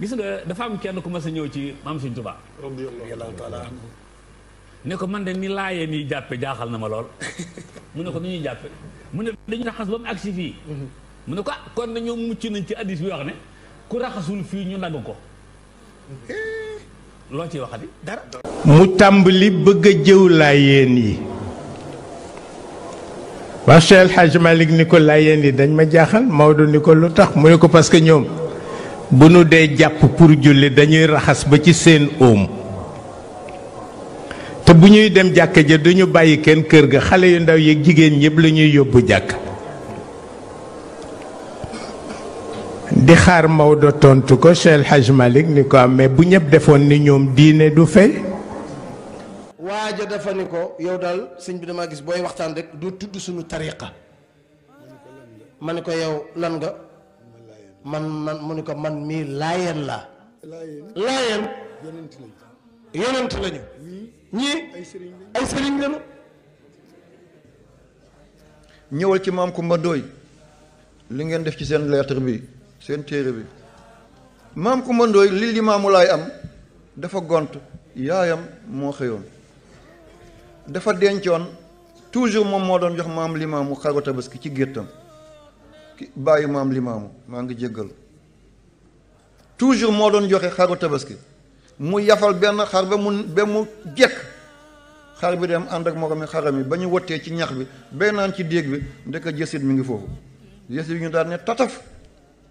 gis nga dafa am kenn ku mas a ñëw ci mam Sëñ Tuubaa rabbiyallahu taala ne ko man de ni laye ni jappé jaaxal na ma lool mu ne ko ni ñu jappé mu ne dañu raxas bam aksi fi mu ne ko ah kon dañoo mucc nañ ci hadith bi wax ne ku raxasul fi ñu nag ko lo ci waxati dara mu tambali bëgg jëw laye ni wa Cheikh El malik ni ko laye ni dañ ma jaaxal mawdu ni ko lutax mu ne ko parce que ñoom bu nu dee jàpp pour julli dañuy raxas ba ci seen óom te bu ñuy dem jàkk ja duñu bàyyi kenn kër ga xale yu ndaw yeeg jigéen ñëpp lañuy yóbbu jàkk di xaar Maodo tontu ko Cheikh El Hadj Malick ni ko am mais bu ñëpp defoon ni ñoom diine du fay. waaja dafa ni ko yow daal sëñ bi dama gis booy waxtaan rekk du tudd suñu tariqa ma ne ko yow lan nga. man man mu ne ko man mii laayeen laa laayeen yonent lañu ñii ay sëriñ lañu ñëwal ci maam Kumba Ndooy li ngeen def ci seen lettre bi seen téere bi maam ku Ndooy li li maamu laay am dafa gont yaayam moo xëyoon dafa dencoon toujours moom moo doon jox maam limaamu xaru tabaski ci géttam bàyyi maam limaamu maa ngi jéggal toujours moo doon joxe xaru tabaski mu yafal benn xar ba mu ba mu jekk xar bi dem ànd ak moromi xaram yi ba ñu wottee ci ñax bi bay naan ci déeg bi ndeka jësit mi ngi foofu jësit yi ñu daal ne tataf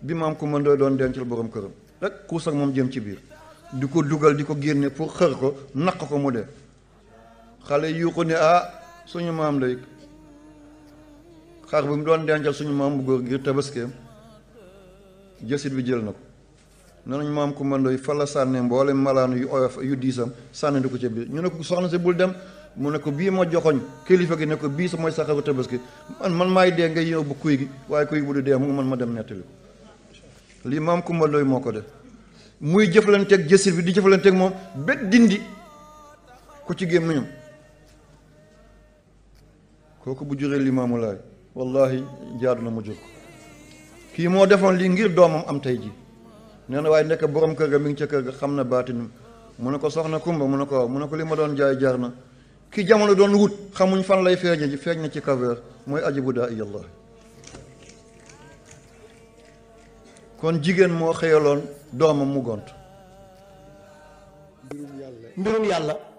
bi maam ku mën doon dencal borom këram rek kuus moom jëm ci biir di ko dugal di ko génne pour xër ko naq ko mu dee xale yu ko ne ah suñu maam lay xar bi mu doon dencal suñu maam bu ngir tabaskeem jësit bi jël na ko nee nañ maam kumandooy fa la sànni mboole malaan yu oyof yu diisam sànni di ko ca biir ñu ne ko soxna si bul dem mu ne ko bii ma joxoñ kilifa gi ne ko bii sa mooy sa tabaski man man maay dee ngay bu kuy gi waaye kuy bu du dee mu man ma dem nettali ko lii maam kumandooy moo ko de muy jëflanteeg jësit bi di jëflanteeg moom bet dindi ko ci gémmiñam kooku bu juree limaamu wallahi jaadu na mu jóg kii moo defoon lii ngir doomam am tey ji nee na waaye nekk boroom kër gi mi ngi ca kër gi xam na baatin mu ne ko soxna kumba mu ne ko mu ne ko li ma doon jaay jaar na ki jamono doon wut xamuñ fan lay feeñe ji feeñ na ci kaver mooy ajibu daa iyallah kon jigéen moo xëyaloon doomam mu gont mbirum yàlla